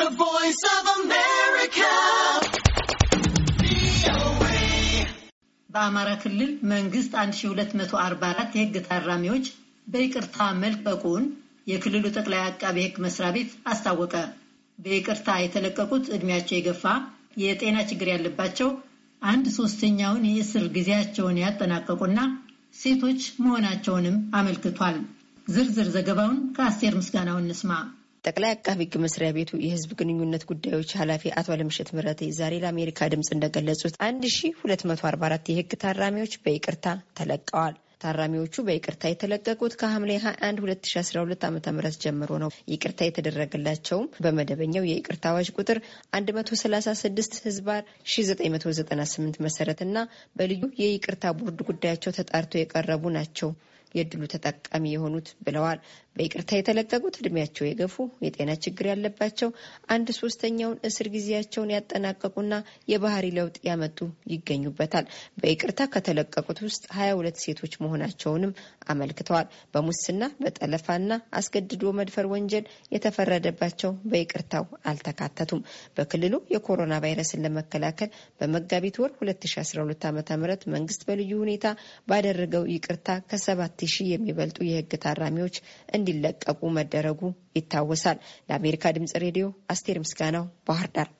The Voice of America. በአማራ ክልል መንግስት 1244 የህግ ታራሚዎች በይቅርታ መልቀቁን የክልሉ ጠቅላይ አቃቤ ህግ መስሪያ ቤት አስታወቀ። በይቅርታ የተለቀቁት ዕድሜያቸው የገፋ የጤና ችግር ያለባቸው አንድ ሶስተኛውን የእስር ጊዜያቸውን ያጠናቀቁና ሴቶች መሆናቸውንም አመልክቷል። ዝርዝር ዘገባውን ከአስቴር ምስጋናው እንስማ። ጠቅላይ አቃቢ ህግ መስሪያ ቤቱ የህዝብ ግንኙነት ጉዳዮች ኃላፊ አቶ አለምሸት ምህረቴ ዛሬ ለአሜሪካ ድምፅ እንደገለጹት 1244 የህግ ታራሚዎች በይቅርታ ተለቀዋል። ታራሚዎቹ በይቅርታ የተለቀቁት ከሐምሌ 21 2012 ዓ ም ጀምሮ ነው። ይቅርታ የተደረገላቸውም በመደበኛው የይቅርታ አዋጅ ቁጥር 136 ህዝባር 1998 መሰረትና በልዩ የይቅርታ ቦርድ ጉዳያቸው ተጣርቶ የቀረቡ ናቸው። የእድሉ ተጠቃሚ የሆኑት ብለዋል። በይቅርታ የተለቀቁት እድሜያቸው የገፉ፣ የጤና ችግር ያለባቸው፣ አንድ ሶስተኛውን እስር ጊዜያቸውን ያጠናቀቁና የባህሪ ለውጥ ያመጡ ይገኙበታል። በይቅርታ ከተለቀቁት ውስጥ ሀያ ሁለት ሴቶች መሆናቸውንም አመልክተዋል። በሙስና በጠለፋና አስገድዶ መድፈር ወንጀል የተፈረደባቸው በይቅርታው አልተካተቱም። በክልሉ የኮሮና ቫይረስን ለመከላከል በመጋቢት ወር 2012 ዓ ም መንግስት በልዩ ሁኔታ ባደረገው ይቅርታ ከሰባት ከአራት ሺህ የሚበልጡ የህግ ታራሚዎች እንዲለቀቁ መደረጉ ይታወሳል። ለአሜሪካ ድምጽ ሬዲዮ አስቴር ምስጋናው ባህር ዳር